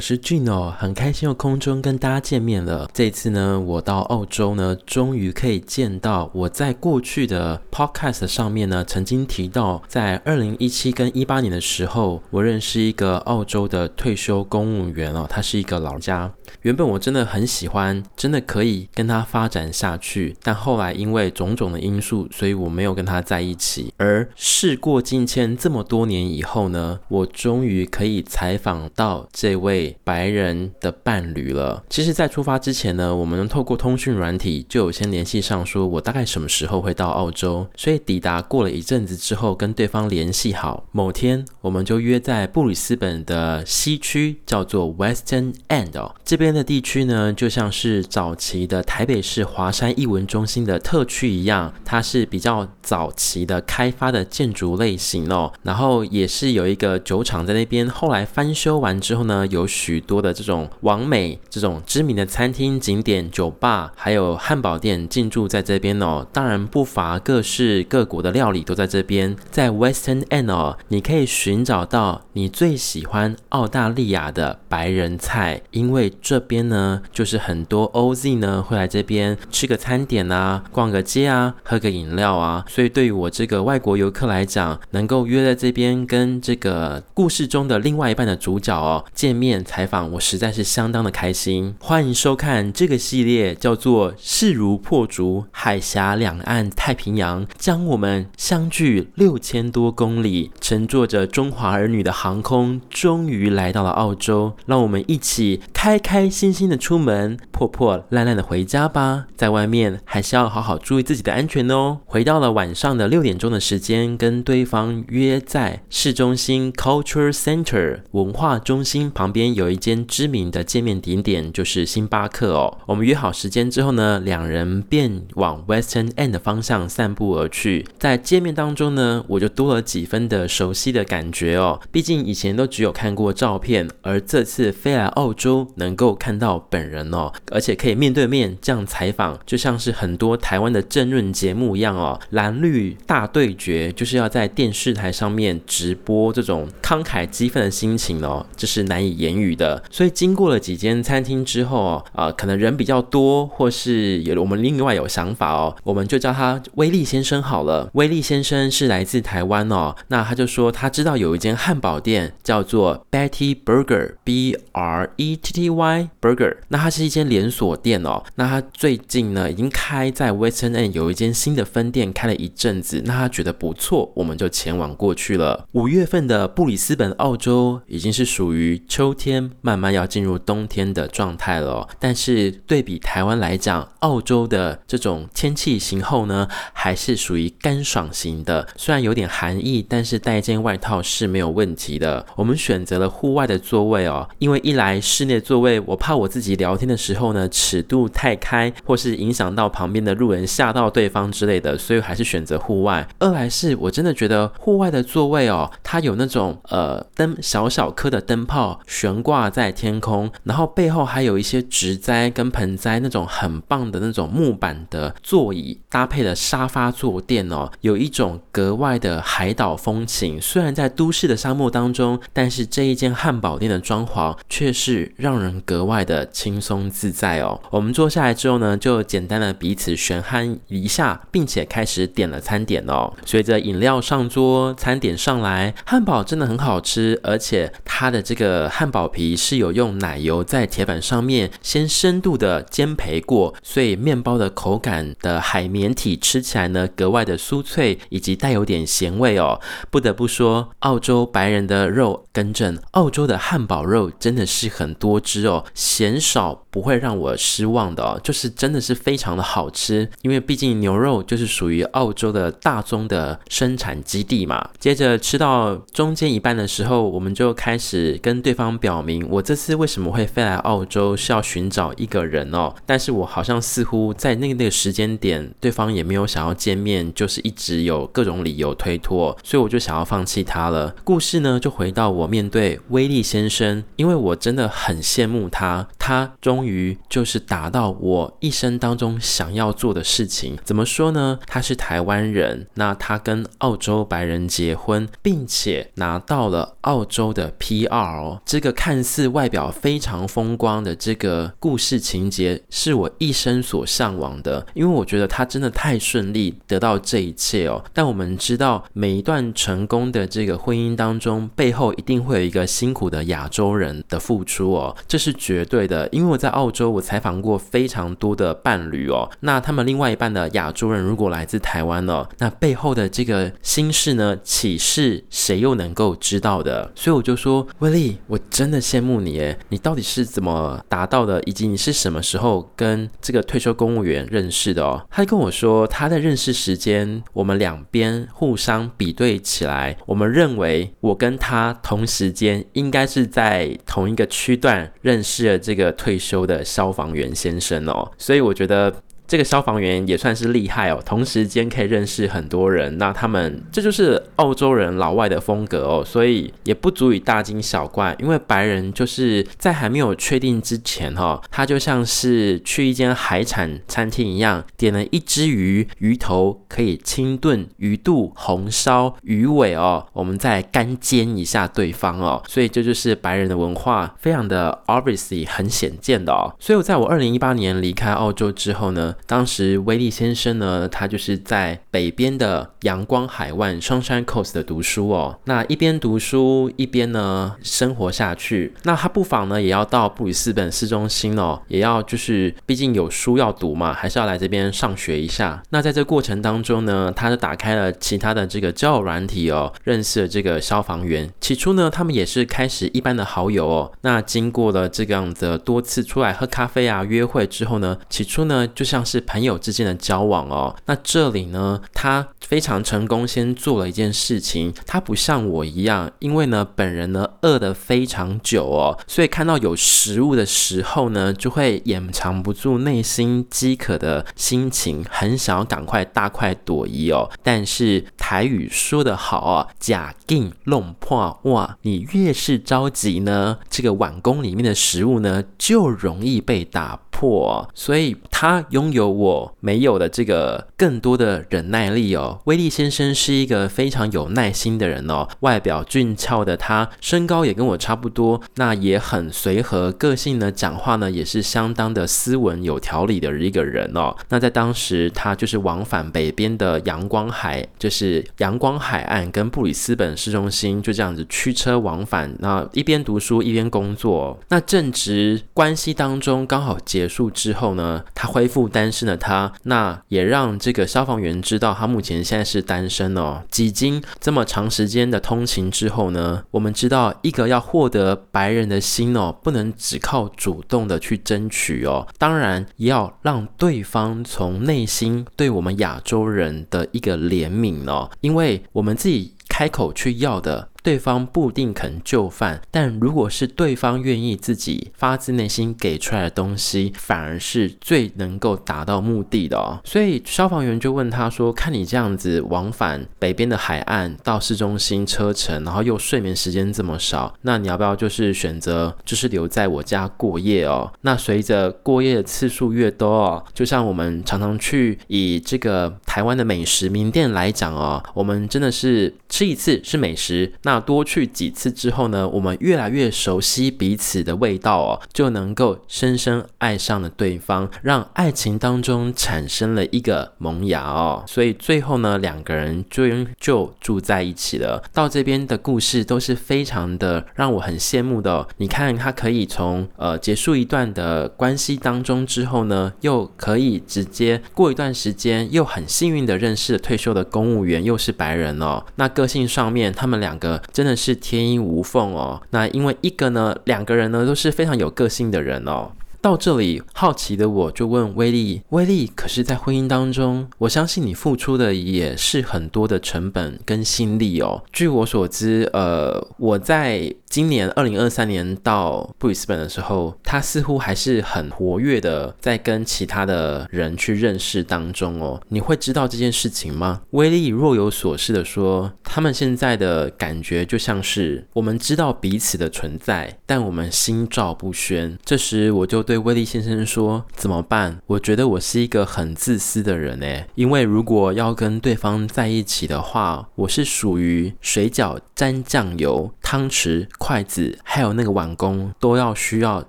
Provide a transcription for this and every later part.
我是 Gene，很開心又空中跟大家見面了。這次呢，我到澳洲呢，終於可以見到我在過去的 podcast 上面呢，曾經提到，在二零一七跟一八年的時候，我認識一個澳洲的退休公務員哦，他是一個老人家。原本我真的很喜歡，真的可以跟他發展下去，但後來因為種種的因素，所以我沒有跟他在一起。而事過境遷這麼多年以後呢，我終於可以採訪到這位。白人的伴侶了。其實，在出發之前呢，我們能透過通訊軟體就有先聯繫上，說我大概什麼時候會到澳洲，所以抵達過了一陣子之後，跟對方聯繫好。某天，我們就約在布里斯本的西區，叫做 Western End 哦，這邊的地區呢，就像是早期的台北市華山藝文中心的特區一樣，它是比較早期的開發的建築類型哦。然後，也是有一個酒廠在那邊。後來翻修完之後呢，有。許多的這種網美、這種知名的餐廳、景點、酒吧，還有漢堡店進駐在這邊哦。當然，不乏各式各國的料理都在這邊。在 Western End 哦，你可以尋找到你最喜歡澳大利亞的白人菜，因為這邊呢，就是很多 Oz 呢會來這邊吃個餐點啊，逛個街啊，喝個飲料啊。所以，對於我這個外國遊客來講，能夠約在這邊跟這個故事中的另外一半的主角哦見面。採訪我實在是相當的開心，歡迎收看這個系列，叫做勢如破竹，海峽兩岸，太平洋將我們相距六千多公里，乘坐着中華兒女的航空，終於來到了澳洲，讓我們一起開開心心的出門，破破爛爛的回家吧，在外面還是要好好注意自己的安全哦。回到了晚上的六點鐘的時間，跟對方約在市中心 Culture Center 文化中心旁邊。有一間知名的見面地點就是星巴克哦。我們約好時間之後呢，兩人便往 Western End 的方向散步而去。在見面當中呢，我就多了幾分的熟悉的感覺哦。畢竟以前都只有看過照片，而這次飛來澳洲能夠看到本人哦，而且可以面對面這樣採訪，就像是很多台灣的政論節目一樣哦。藍綠大對決就是要在電視台上面直播這種慷慨激憤的心情哦，這，就是難以言語的，所以經過了幾間餐廳之後啊、哦呃，可能人比較多，或是有我們另外有想法哦，我們就叫他威力先生好了。威力先生是來自台灣哦，那他就說他知道有一間漢堡店叫做 Betty Burger B R E T T Y Burger，那他是一間連鎖店哦，那他最近呢已經開在 Western End 有一間新的分店開了一陣子，那他覺得不錯，我們就前往過去了。五月份的布里斯本，澳洲已經是屬於秋天。慢慢要進入冬天的狀態了哦，但是對比台灣來講，澳洲的這種天氣型候呢，還是屬於乾爽型的。雖然有點寒意，但是帶一件外套是沒有問題的。我們選擇了戶外的座位哦，因為一來室內座位我怕我自己聊天的時候呢尺度太開，或是影響到旁邊的路人嚇到對方之類的，所以還是選擇戶外。二來是我真的覺得戶外的座位哦，它有那種呃燈小小顆的燈泡懸掛在天空，然後背後還有一些植栽跟盆栽，那種很棒的那種木板的座椅，搭配的沙發坐墊哦，有一種格外的海島風情。雖然在都市的沙漠當中，但是這一間漢堡店的裝潢卻是讓人格外的輕鬆自在哦。我們坐下來之後呢，就簡單的彼此寒暄一下，並且開始點了餐點哦。隨着飲料上桌，餐點上來，漢堡真的很好吃，而且它的這個漢堡。皮是有用奶油在鐵板上面先深度的煎培過，所以麵包的口感的海綿體吃起來呢，格外的酥脆，以及帶有點鹹味哦。不得不說，澳洲白人的肉更正，澳洲的漢堡肉真的是很多汁哦，鮮少不會讓我失望的哦，就是真的是非常的好吃，因為畢竟牛肉就是屬於澳洲的大宗的生產基地嘛。接着吃到中間一半的時候，我們就開始跟對方表。明我這次為什麼會飛來澳洲是要尋找一個人哦，但是我好像似乎在那個那個時間點，對方也沒有想要見面，就是一直有各種理由推脫，所以我就想要放棄他了。故事呢就回到我面對威力先生，因為我真的很羨慕他，他終於就是達到我一生當中想要做的事情。怎麼說呢？他是台灣人，那他跟澳洲白人結婚，並且拿到了澳洲的 PR，哦，這個看。看似外表非常風光的這個故事情節，是我一生所嚮往的，因為我覺得他真的太順利得到這一切哦。但我們知道每一段成功的這個婚姻當中，背後一定會有一個辛苦的亞洲人的付出哦，這是絕對的。因為我在澳洲，我採訪過非常多的伴侶哦，那他們另外一半的亞洲人如果來自台灣哦，那背後的這個心事呢，豈是誰又能夠知道的？所以我就說，威利，我真。真的羨慕你誒，你到底是怎麼達到的？以及你是什麼時候跟這個退休公務員認識的哦？他跟我說，他的認識時間，我們兩邊互相比對起來，我們認為我跟他同時間應該是在同一個區段認識了這個退休的消防員先生哦。所以我覺得。這個消防員也算是厲害哦，同時間可以認識很多人，那他們這就是澳洲人老外的風格哦，所以也不足以大驚小怪，因為白人就是在還沒有確定之前哈、哦，他就像是去一間海產餐廳一樣，點了一隻魚，魚頭可以清燉魚，魚肚紅燒，魚尾哦，我們再乾煎一下對方哦，所以這就是白人的文化，非常的 obviously 很顯見的哦，所以我在我二零一八年離開澳洲之後呢。當時威利先生呢，他就是在北邊的陽光海灣雙山 Coast 的讀書哦。那一邊讀書，一邊呢生活下去。那他不妨呢也要到布里斯本市中心哦，也要就是畢竟有書要讀嘛，還是要來這邊上學一下。那在這過程當中呢，他就打開了其他的這個交友軟體哦，認識了這個消防員。起初呢，他們也是開始一般的好友哦。那經過了這個樣子多次出來喝咖啡啊、約會之後呢，起初呢就像。是朋友之間的交往哦。那這裡呢，他非常成功，先做了一件事情。他不像我一樣，因為呢，本人呢餓得非常久哦，所以看到有食物的時候呢，就會掩藏不住內心饑渴的心情，很想要趕快大快朵頤哦。但是台語說得好啊、哦，“呷緊弄破”，哇，你越是着急呢，這個碗公裡面的食物呢就容易被打破，哦。所以他擁有。有我沒有的這個更多的忍耐力哦，威力先生是一個非常有耐心的人哦。外表俊俏的他，身高也跟我差不多，那也很隨和，個性呢，講話呢也是相當的斯文、有條理的一個人哦。那在當時，他就是往返北邊的陽光海，就是陽光海岸跟布里斯本市中心，就這樣子驅車往返，那一邊讀書一邊工作。那正值關係當中剛好結束之後呢，他恢復單身的他，那也讓這個消防員知道他目前現在是單身哦。幾經這麼長時間的通勤之後呢，我們知道一個要獲得白人的心哦，不能只靠主動的去爭取哦，當然也要讓對方從內心對我們亞洲人的一個憐憫哦，因為我們自己開口去要的。對方不一定肯就範，但如果是對方願意自己發自內心給出來的東西，反而是最能夠達到目的的哦。所以消防員就問他說：“看你這樣子往返北邊的海岸到市中心車程，然後又睡眠時間這麼少，那你要不要就是選擇就是留在我家過夜哦？那隨着過夜的次數越多哦，就像我們常常去以這個臺灣的美食名店來講哦，我們真的是吃一次是美食那多去幾次之後呢，我們越來越熟悉彼此的味道哦，就能夠深深愛上了對方，讓愛情當中產生了一個萌芽哦。所以最後呢，兩個人就就住在一起了。到這邊的故事都是非常的讓我很羨慕的哦。你看他可以從呃結束一段的關係當中之後呢，又可以直接過一段時間，又很幸運的認識了退休的公務員，又是白人哦。那個性上面，他們兩個。真的是天衣無縫哦。那因為一個呢，兩個人呢，都是非常有個性的人哦。到這裡，好奇的我就問威力：“威力，可是，在婚姻當中，我相信你付出的也是很多的成本跟心力哦。據我所知，呃，我在今年二零二三年到布里斯本的時候，他似乎還是很活躍的，在跟其他的人去認識當中哦。你會知道這件事情嗎？”威力若有所思的說：“他們現在的感覺就像是我們知道彼此的存在，但我們心照不宣。”這時我就，對威力先生說，怎麼辦？我覺得我是一個很自私的人哎，因為如果要跟對方在一起的話，我是屬於水餃沾醬油、湯匙、筷子，還有那個碗公都要需要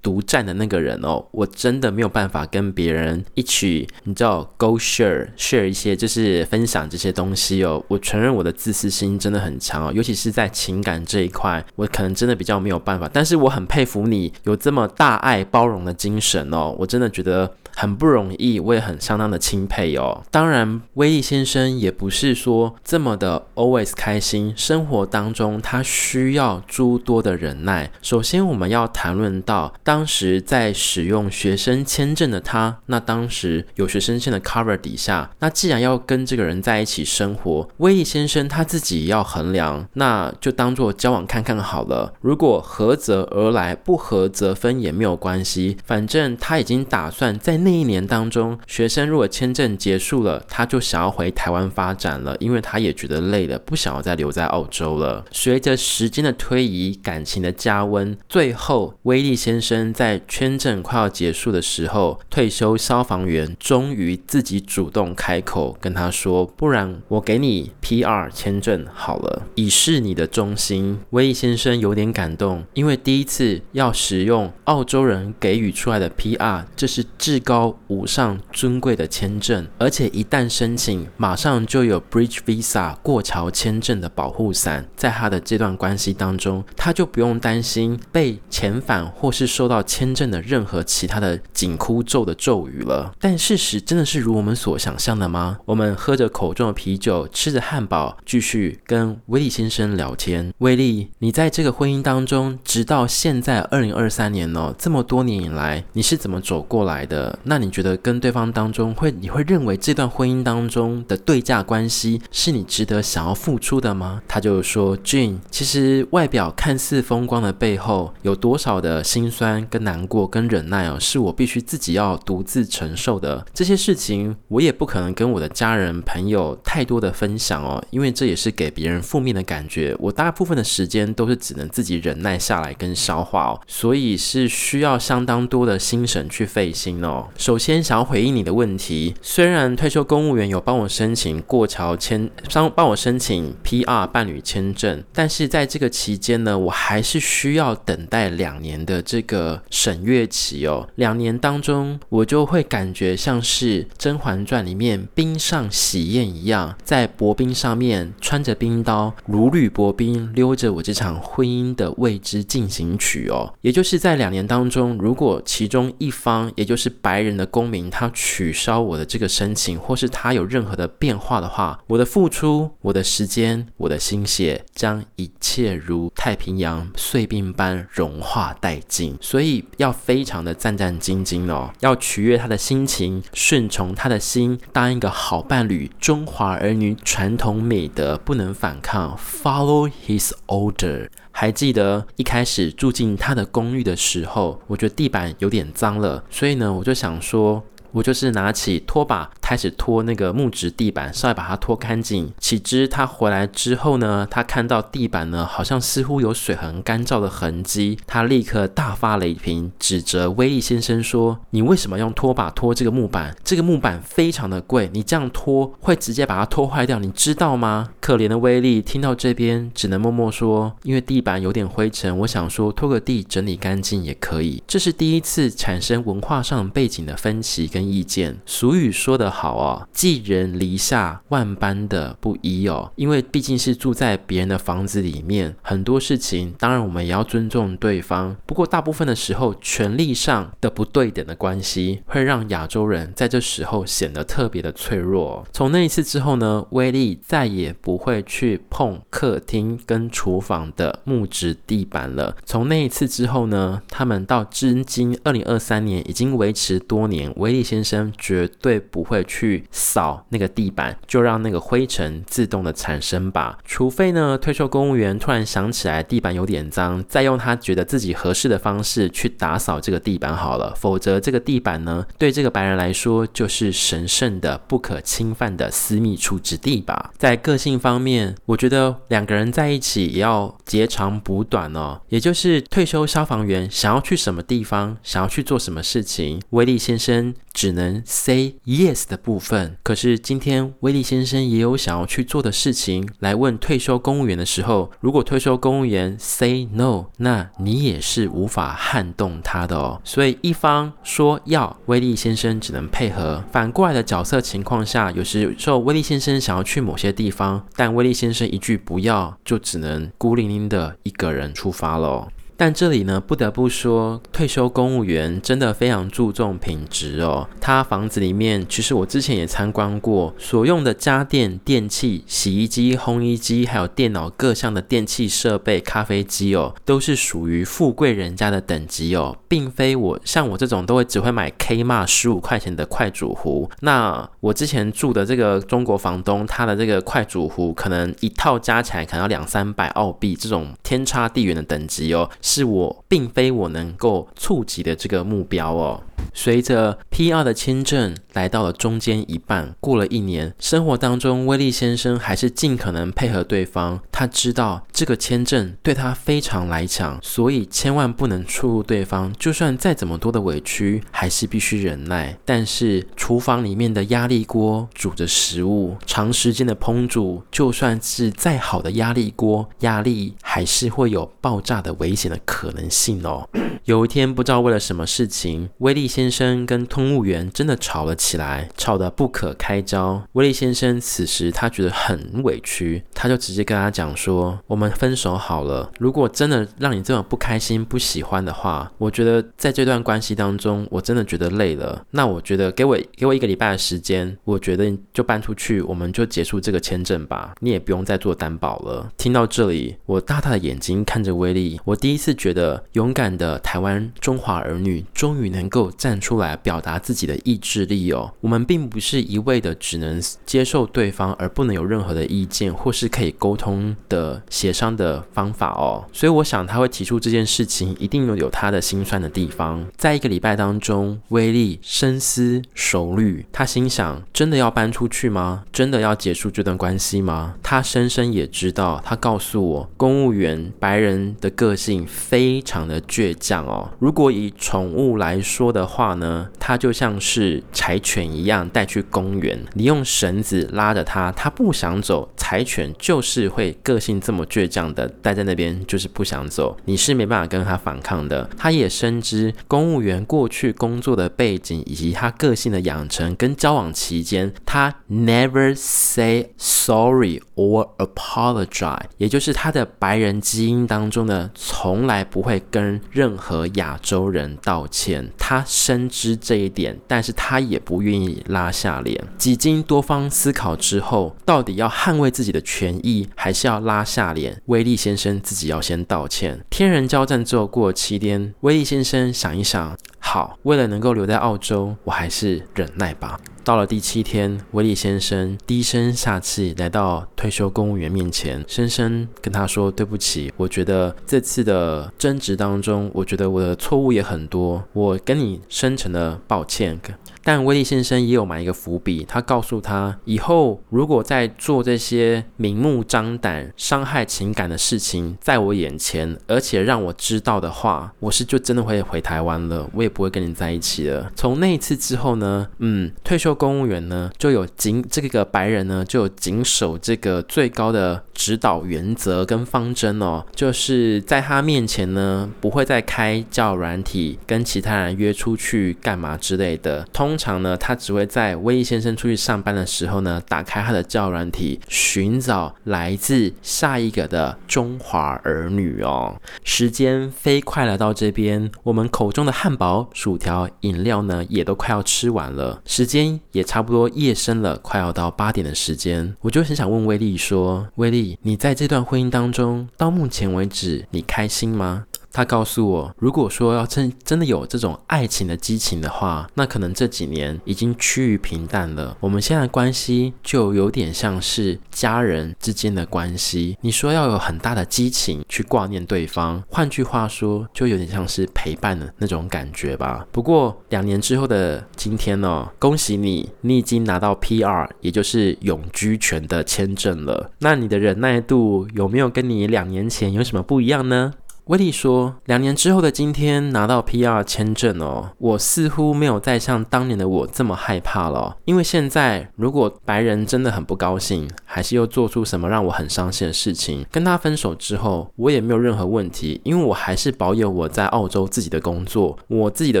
獨占的那個人哦。我真的沒有辦法跟別人一起，你知道，go share share 一些，就是分享這些東西哦。我承認我的自私心真的很強哦，尤其是在情感這一塊，我可能真的比較沒有辦法。但是我很佩服你有這麼大愛包容的精神哦，我真的覺得，很不容易，我也很相當的欽佩哦。當然，威力先生也不是說這麼的 always 開心，生活當中他需要諸多的忍耐。首先，我們要談論到當時在使用學生簽證的他，那當時有學生簽證的 cover 底下，那既然要跟這個人在一起生活，威力先生他自己要衡量，那就當做交往看看好了。如果合則而來，不合則分也沒有關係，反正他已經打算在。那一年當中，學生如果簽證結束了，他就想要回台灣發展了，因為他也覺得累了，不想要再留在澳洲了。隨着時間的推移，感情的加溫，最後威力先生在簽證快要結束的時候，退休消防員終於自己主動開口跟他說：“不然我給你 PR 簽證好了，以示你的忠心。”威力先生有點感動，因為第一次要使用澳洲人給予出來的 PR，這是至高。高無上尊貴的簽證，而且一旦申請，馬上就有 bridge visa 過橋簽證的保護傘。在他的這段關係當中，他就不用擔心被遣返，或是受到簽證的任何其他的緊箍咒的咒語了。但事實真的是如我們所想象的嗎？我們喝着口中的啤酒，吃着漢堡，繼續跟威力先生聊天。威力，你在這個婚姻當中，直到現在二零二三年呢、哦，這麼多年以來，你是怎麼走過來的？那你覺得跟對方當中會，你會認為這段婚姻當中的對價關係是你值得想要付出的嗎？他就說，Gene，其實外表看似風光的背後，有多少的心酸跟難過跟忍耐哦，是我必須自己要獨自承受的。這些事情我也不可能跟我的家人朋友太多的分享哦，因為這也是給別人負面的感覺。我大部分的時間都是只能自己忍耐下來跟消化哦，所以是需要相當多的心神去費心哦。首先，想要回應你的問題，雖然退休公務員有幫我申請過橋簽，幫幫我申請 PR 伴侶簽證，但是在這個期間呢，我還是需要等待兩年的這個審閱期哦。兩年當中，我就會感覺像是《甄嬛傳》裡面冰上喜宴一樣，在薄冰上面穿着冰刀，如履薄冰，溜着我這場婚姻的未知進行曲哦。也就是在兩年當中，如果其中一方，也就是白人。人的公民，他取消我的這個申請，或是他有任何的變化的話，我的付出、我的時間、我的心血，將一切如太平洋碎冰般融化殆盡。所以要非常的戰戰兢兢哦，要取悅他的心情，順從他的心，當一個好伴侶。中華兒女傳統美德，不能反抗，Follow his order。還記得一開始住進他的公寓的時候，我覺得地板有點髒了，所以呢，我就想說。我就是拿起拖把開始拖那個木質地板，上來把它拖乾淨。豈知他回來之後呢，他看到地板呢，好像似乎有水痕、乾燥的痕跡。他立刻大發雷霆，指責威力先生說：“你為什麼用拖把拖這個木板？這個木板非常的貴，你這樣拖會直接把它拖壞掉，你知道嗎？”可憐的威力聽到這邊，只能默默說：“因為地板有點灰塵，我想說拖個地整理乾淨也可以。”這是第一次產生文化上背景的分歧跟。意見俗語說得好哦，寄人籬下萬般的不易哦，因為畢竟是住在別人的房子裡面，很多事情當然我們也要尊重對方。不過大部分的時候，權力上的不對等的關係，會讓亞洲人在這時候顯得特別的脆弱哦。從那一次之後呢，威力再也不會去碰客廳跟廚房的木質地板了。從那一次之後呢，他們到至今二零二三年已經維持多年，威力先。先生絕對不會去掃那個地板，就讓那個灰塵自動的產生吧。除非呢，退休公務員突然想起來地板有點髒，再用他覺得自己合適的方式去打掃這個地板好了。否則這個地板呢，對這個白人來說就是神聖的、不可侵犯的私密處之地吧。在個性方面，我覺得兩個人在一起也要截長補短哦。也就是退休消防員想要去什麼地方，想要去做什麼事情，威力先生。只能 say yes 的部分。可是今天威力先生也有想要去做的事情。來問退休公務員的時候，如果退休公務員 say no，那你也是無法撼動他的哦。所以一方說要，威力先生只能配合。反過來的角色情況下，有時候威力先生想要去某些地方，但威力先生一句不要，就只能孤零零的一個人出發了。但這裡呢，不得不說，退休公務員真的非常注重品質哦。他房子裡面，其實我之前也參觀過，所用的家電、電器、洗衣機、烘衣機，還有電腦各項的電器設備、咖啡機哦，都是屬於富貴人家的等級哦，並非我像我這種都會只會買 Kmart 十五塊錢的快煮壺。那我之前住的這個中國房東，他的這個快煮壺可能一套加起來可能要兩三百澳幣，這種天差地遠的等級哦。是我，並非我能夠觸及的這個目標哦。隨着 PR 的簽證來到了中間一半，過了一年，生活當中，威力先生還是盡可能配合對方。他知道這個簽證對他非常來講，所以千萬不能觸怒對方。就算再怎麼多的委屈，還是必須忍耐。但是廚房裡面的壓力鍋煮着食物，長時間的烹煮，就算是再好的壓力鍋，壓力還是會有爆炸的危險的可能性哦。 有一天，不知道為了什麼事情，威力。先生跟通務員真的吵了起來，吵得不可開交。威力先生此時他覺得很委屈，他就直接跟他講說：“我們分手好了。如果真的讓你這麼不開心、不喜歡的話，我覺得在這段關係當中，我真的覺得累了。那我覺得給我給我一個禮拜的時間，我覺得你就搬出去，我們就結束這個簽證吧。你也不用再做擔保了。”聽到這裡，我大大的眼睛看着威力，我第一次覺得勇敢的台灣中華兒女終於能夠。站出來表達自己的意志力哦，我們並不是一味的只能接受對方，而不能有任何的意見，或是可以溝通的協商的方法哦。所以我想他會提出這件事情，一定有他的心酸的地方。在一個禮拜當中，威力深思熟慮，他心想：真的要搬出去嗎？真的要結束這段關係嗎？他深深也知道，他告訴我，公務員白人的個性非常的倔強哦。如果以寵物來說的。的話呢，他就像是柴犬一樣帶去公園，你用繩子拉着他，他不想走。柴犬就是會個性這麼倔強的待在那邊，就是不想走，你是沒辦法跟他反抗的。他也深知公務員過去工作的背景以及他個性的養成跟交往期間，他 never say sorry or apologize，也就是他的白人基因當中呢，從來不會跟任何亞洲人道歉。他。深知這一點，但是他也不願意拉下臉。幾經多方思考之後，到底要捍衛自己的權益，還是要拉下臉？威力先生自己要先道歉。天人交戰，坐過七天。威力先生想一想。好，為了能夠留在澳洲，我還是忍耐吧。到了第七天，威力先生低聲下氣來到退休公務員面前，深深跟他說：“對不起，我覺得這次的爭執當中，我覺得我的錯誤也很多，我跟你深沉的抱歉。”但威力先生也有埋一個伏筆，他告訴他以後如果再做這些明目張膽傷害情感的事情，在我眼前，而且讓我知道的話，我是就真的會回台灣了，我也不會跟你在一起了。從那一次之後呢，嗯，退休公務員呢就有謹這個白人呢就有謹守這個最高的。指導原則跟方針哦，就是在他面前呢，不會再開交軟體跟其他人約出去幹嘛之類的。通常呢，他只會在威力先生出去上班的時候呢，打開他的交軟體，尋找來自下一個的中華兒女哦。時間飛快來到這邊，我們口中的漢堡、薯條、飲料呢，也都快要吃完了。時間也差不多夜深了，快要到八點的時間，我就很想問威力說，威力。你在這段婚姻當中，到目前為止，你開心嗎？他告訴我，如果說要真真的有這種愛情的激情的話，那可能這幾年已經趨於平淡了。我們現在的關係就有點像是家人之間的關係。你說要有很大的激情去掛念對方，換句話說，就有點像是陪伴的那種感覺吧。不過兩年之後的今天哦，恭喜你，你已經拿到 PR，也就是永居權的簽證了。那你的忍耐度有沒有跟你兩年前有什麼不一樣呢？威力說：“兩年之後的今天，拿到 PR 簽證哦，我似乎沒有再像當年的我這麼害怕了，因為現在如果白人真的很不高興。”還是又做出什麼讓我很傷心的事情？跟他分手之後，我也沒有任何問題，因為我還是保有我在澳洲自己的工作，我自己的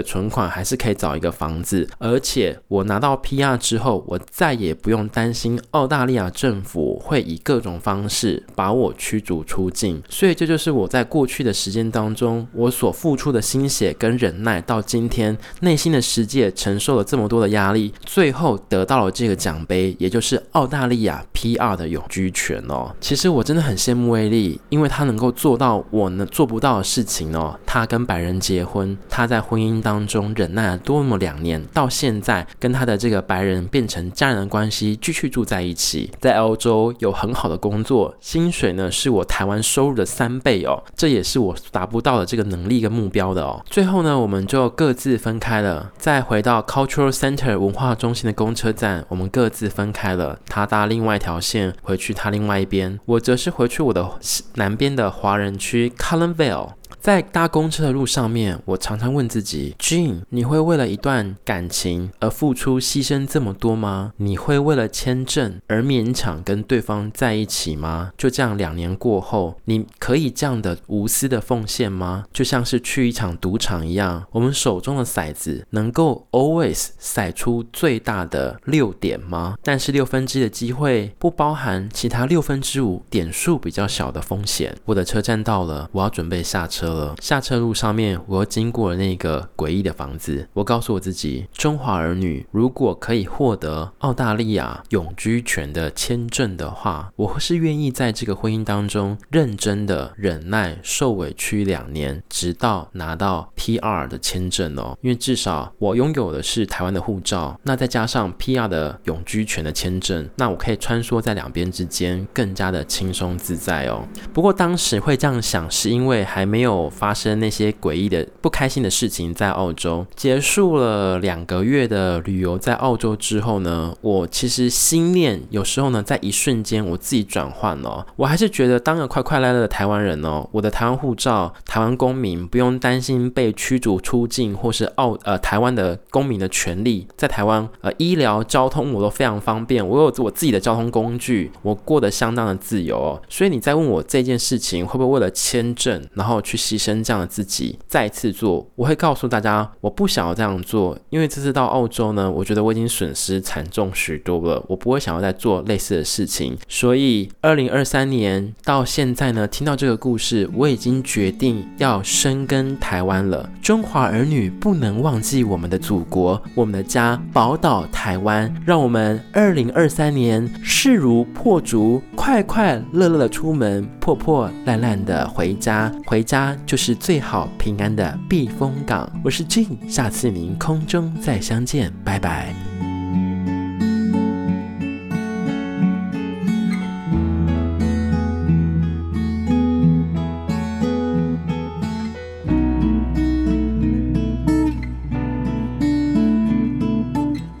存款還是可以找一個房子，而且我拿到 PR 之後，我再也不用擔心澳大利亞政府會以各種方式把我驅逐出境。所以這就是我在過去的時間當中，我所付出的心血跟忍耐，到今天內心的世界承受了這麼多的壓力，最後得到了這個獎盃，也就是澳大利亞 PR。大的永居權哦，其實我真的很羨慕威力，因為他能夠做到我能做不到的事情哦。他跟白人結婚，他在婚姻當中忍耐了多麼兩年，到現在跟他的這個白人變成家人的關係，繼續住在一起，在澳洲有很好的工作，薪水呢是我台灣收入的三倍哦，這也是我達不到的這個能力跟目標的哦。最後呢，我們就各自分開了，再回到 Cultural Center 文化中心的公車站，我們各自分開了，他搭另外一條線。回去他另外一邊，我則是回去我的南邊的華人區，Calamvale。在搭公車的路上面，我常常問自己，Gene，你會為了一段感情而付出犧牲這麼多嗎？你會為了簽證而勉強跟對方在一起嗎？就這樣兩年過後，你可以這樣的無私的奉獻嗎？就像是去一場賭場一樣，我們手中的骰子能夠 always 甩出最大的六點嗎？但是六分之一的機會不包含其他六分之五點數比較小的風險。我的車站到了，我要準備下車。下車路上面，我又經過了那個詭異的房子。我告訴我自己，中華兒女如果可以獲得澳大利亞永居權的簽證的話，我是願意在這個婚姻當中，認真的忍耐受委屈兩年，直到拿到 PR 的簽證哦。因為至少我擁有的是台灣的護照，那再加上 PR 的永居權的簽證，那我可以穿梭在兩邊之間，更加的輕鬆自在哦。不過當時會這樣想，是因為還沒有。沒有發生那些詭異的不開心的事情。在澳洲結束了兩個月的旅遊，在澳洲之後呢，我其實心念有時候呢，在一瞬間我自己轉換了哦。我還是覺得當個快快樂樂的台灣人哦，我的台灣護照、台灣公民不用擔心被驅逐出境或是澳呃台灣的公民的權利。在台灣呃醫療、交通我都非常方便，我有我自己的交通工具，我過得相當的自由哦。所以你在問我這件事情會不會為了簽證，然後去。去犧牲這樣的自己，再次做，我會告訴大家，我不想要這樣做，因為這次到澳洲呢，我覺得我已經損失慘重許多了，我不會想要再做類似的事情。所以，二零二三年到現在呢，聽到這個故事，我已經決定要生根台灣了。中華兒女不能忘記我們的祖國，我們的家寶島台灣，讓我們二零二三年勢如破竹，快快樂樂的出門，破破爛爛的回家，回家。它就是最好平安的避風港。我是 Gene，下次您空中再相見，拜拜。